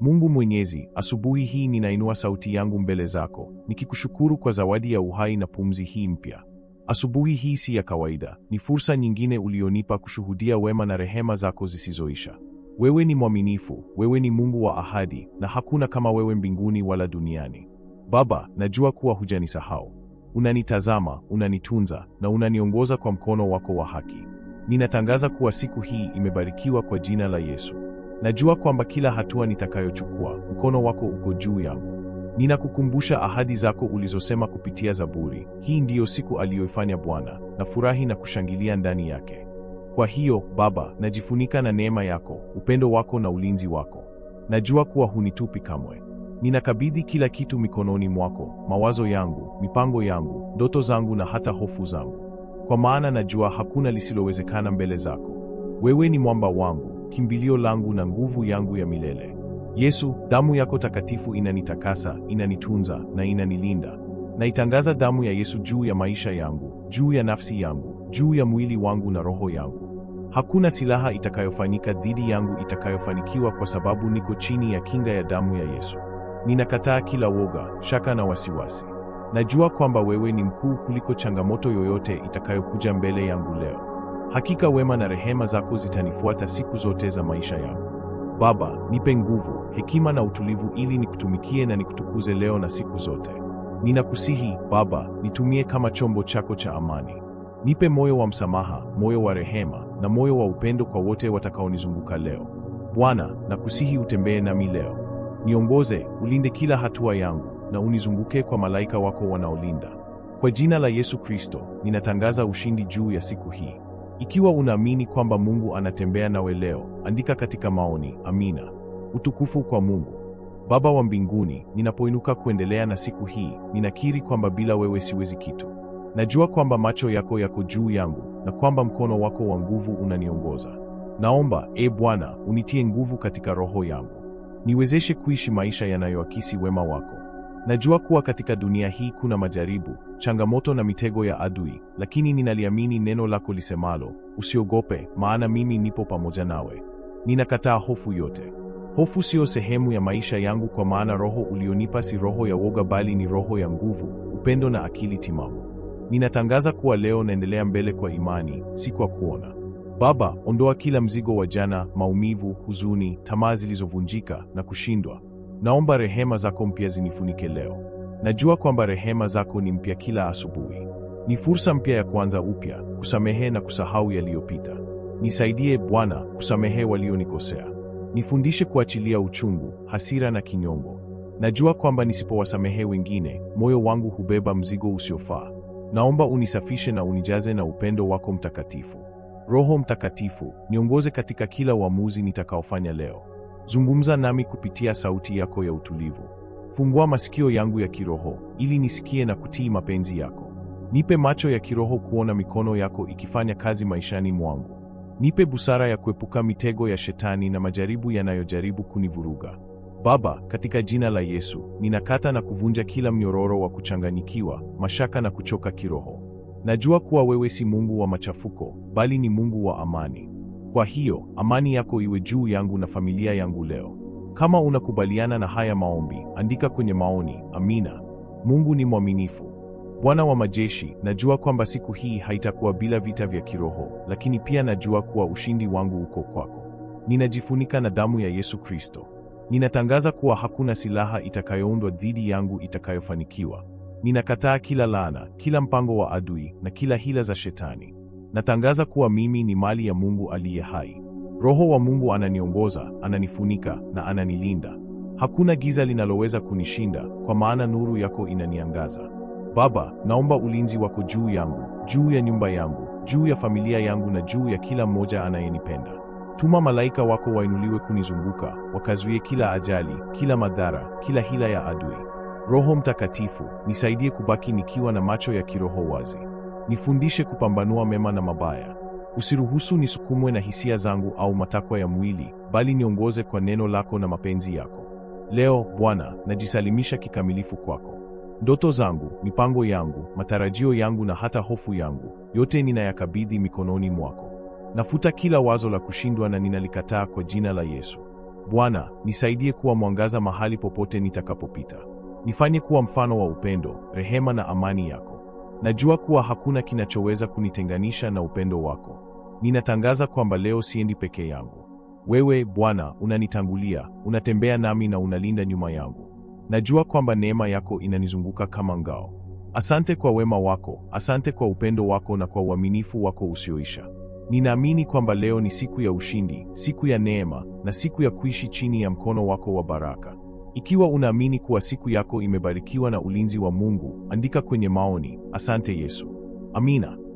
Mungu Mwenyezi, asubuhi hii ninainua sauti yangu mbele zako, nikikushukuru kwa zawadi ya uhai na pumzi hii mpya. Asubuhi hii si ya kawaida, ni fursa nyingine ulionipa kushuhudia wema na rehema zako zisizoisha. Wewe ni mwaminifu, wewe ni Mungu wa ahadi, na hakuna kama wewe mbinguni wala duniani. Baba, najua kuwa hujanisahau. Unanitazama, unanitunza na unaniongoza kwa mkono wako wa haki. Ninatangaza kuwa siku hii imebarikiwa kwa jina la Yesu. Najua kwamba kila hatua nitakayochukua, mkono wako uko juu yangu. Ninakukumbusha ahadi zako ulizosema kupitia Zaburi. Hii ndiyo siku aliyoifanya Bwana, na furahi na kushangilia ndani yake. Kwa hiyo Baba, najifunika na neema yako, upendo wako na ulinzi wako. Najua kuwa hunitupi kamwe. Ninakabidhi kila kitu mikononi mwako, mawazo yangu, mipango yangu, ndoto zangu na hata hofu zangu, kwa maana najua hakuna lisilowezekana mbele zako. Wewe ni mwamba wangu kimbilio langu na nguvu yangu ya milele. Yesu, damu yako takatifu inanitakasa, inanitunza na inanilinda. Naitangaza damu ya Yesu juu ya maisha yangu, juu ya nafsi yangu, juu ya mwili wangu na roho yangu. Hakuna silaha itakayofanyika dhidi yangu itakayofanikiwa kwa sababu niko chini ya kinga ya damu ya Yesu. Ninakataa kila woga, shaka na wasiwasi. Najua kwamba wewe ni mkuu kuliko changamoto yoyote itakayokuja mbele yangu leo. Hakika wema na rehema zako zitanifuata siku zote za maisha yangu. Baba, nipe nguvu, hekima na utulivu ili nikutumikie na nikutukuze leo na siku zote. Ninakusihi Baba, nitumie kama chombo chako cha amani. Nipe moyo wa msamaha, moyo wa rehema na moyo wa upendo kwa wote watakaonizunguka leo. Bwana, nakusihi utembee nami leo. Niongoze, ulinde kila hatua yangu na unizunguke kwa malaika wako wanaolinda. Kwa jina la Yesu Kristo, ninatangaza ushindi juu ya siku hii. Ikiwa unaamini kwamba Mungu anatembea nawe leo, andika katika maoni amina. Utukufu kwa Mungu. Baba wa mbinguni, ninapoinuka kuendelea na siku hii, ninakiri kwamba bila wewe siwezi kitu. Najua kwamba macho yako yako juu yangu na kwamba mkono wako wa nguvu unaniongoza. Naomba, e Bwana, unitie nguvu katika roho yangu. Niwezeshe kuishi maisha yanayoakisi wema wako. Najua kuwa katika dunia hii kuna majaribu, changamoto na mitego ya adui, lakini ninaliamini neno lako lisemalo, usiogope, maana mimi nipo pamoja nawe. Ninakataa hofu yote. Hofu siyo sehemu ya maisha yangu, kwa maana roho ulionipa si roho ya woga, bali ni roho ya nguvu, upendo na akili timamu. Ninatangaza kuwa leo naendelea mbele kwa imani, si kwa kuona. Baba, ondoa kila mzigo wa jana, maumivu, huzuni, tamaa zilizovunjika na kushindwa Naomba rehema zako mpya zinifunike leo. Najua kwamba rehema zako ni mpya kila asubuhi. Ni fursa mpya ya kuanza upya, kusamehe na kusahau yaliyopita. Nisaidie Bwana kusamehe walionikosea. Nifundishe kuachilia uchungu, hasira na kinyongo. Najua kwamba nisipowasamehe wengine, moyo wangu hubeba mzigo usiofaa. Naomba unisafishe na unijaze na upendo wako mtakatifu. Roho Mtakatifu, niongoze katika kila uamuzi nitakaofanya leo. Zungumza nami kupitia sauti yako ya utulivu. Fungua masikio yangu ya kiroho ili nisikie na kutii mapenzi yako. Nipe macho ya kiroho kuona mikono yako ikifanya kazi maishani mwangu. Nipe busara ya kuepuka mitego ya shetani na majaribu yanayojaribu kunivuruga. Baba, katika jina la Yesu, ninakata na kuvunja kila mnyororo wa kuchanganyikiwa, mashaka na kuchoka kiroho. Najua kuwa wewe si Mungu wa machafuko, bali ni Mungu wa amani. Kwa hiyo amani yako iwe juu yangu na familia yangu leo. Kama unakubaliana na haya maombi, andika kwenye maoni amina. Mungu ni mwaminifu. Bwana wa majeshi, najua kwamba siku hii haitakuwa bila vita vya kiroho, lakini pia najua kuwa ushindi wangu uko kwako. Ninajifunika na damu ya Yesu Kristo. Ninatangaza kuwa hakuna silaha itakayoundwa dhidi yangu itakayofanikiwa. Ninakataa kila laana, kila mpango wa adui na kila hila za Shetani. Natangaza kuwa mimi ni mali ya Mungu aliye hai. Roho wa Mungu ananiongoza, ananifunika na ananilinda. Hakuna giza linaloweza kunishinda, kwa maana nuru yako inaniangaza. Baba, naomba ulinzi wako juu yangu, juu ya nyumba yangu, juu ya familia yangu na juu ya kila mmoja anayenipenda. Tuma malaika wako wainuliwe kunizunguka, wakazuie kila ajali, kila madhara, kila hila ya adui. Roho Mtakatifu, nisaidie kubaki nikiwa na macho ya kiroho wazi. Nifundishe kupambanua mema na mabaya. Usiruhusu nisukumwe na hisia zangu au matakwa ya mwili, bali niongoze kwa neno lako na mapenzi yako. Leo Bwana, najisalimisha kikamilifu kwako. Ndoto zangu, mipango yangu, matarajio yangu na hata hofu yangu, yote ninayakabidhi mikononi mwako. Nafuta kila wazo la kushindwa na ninalikataa kwa jina la Yesu. Bwana, nisaidie kuwa mwangaza mahali popote nitakapopita. Nifanye kuwa mfano wa upendo, rehema na amani yako. Najua kuwa hakuna kinachoweza kunitenganisha na upendo wako. Ninatangaza kwamba leo siendi peke yangu. Wewe Bwana unanitangulia, unatembea nami na unalinda nyuma yangu. Najua kwamba neema yako inanizunguka kama ngao. Asante kwa wema wako, asante kwa upendo wako na kwa uaminifu wako usioisha. Ninaamini kwamba leo ni siku ya ushindi, siku ya neema na siku ya kuishi chini ya mkono wako wa baraka. Ikiwa unaamini kuwa siku yako imebarikiwa na ulinzi wa Mungu, andika kwenye maoni. Asante Yesu. Amina.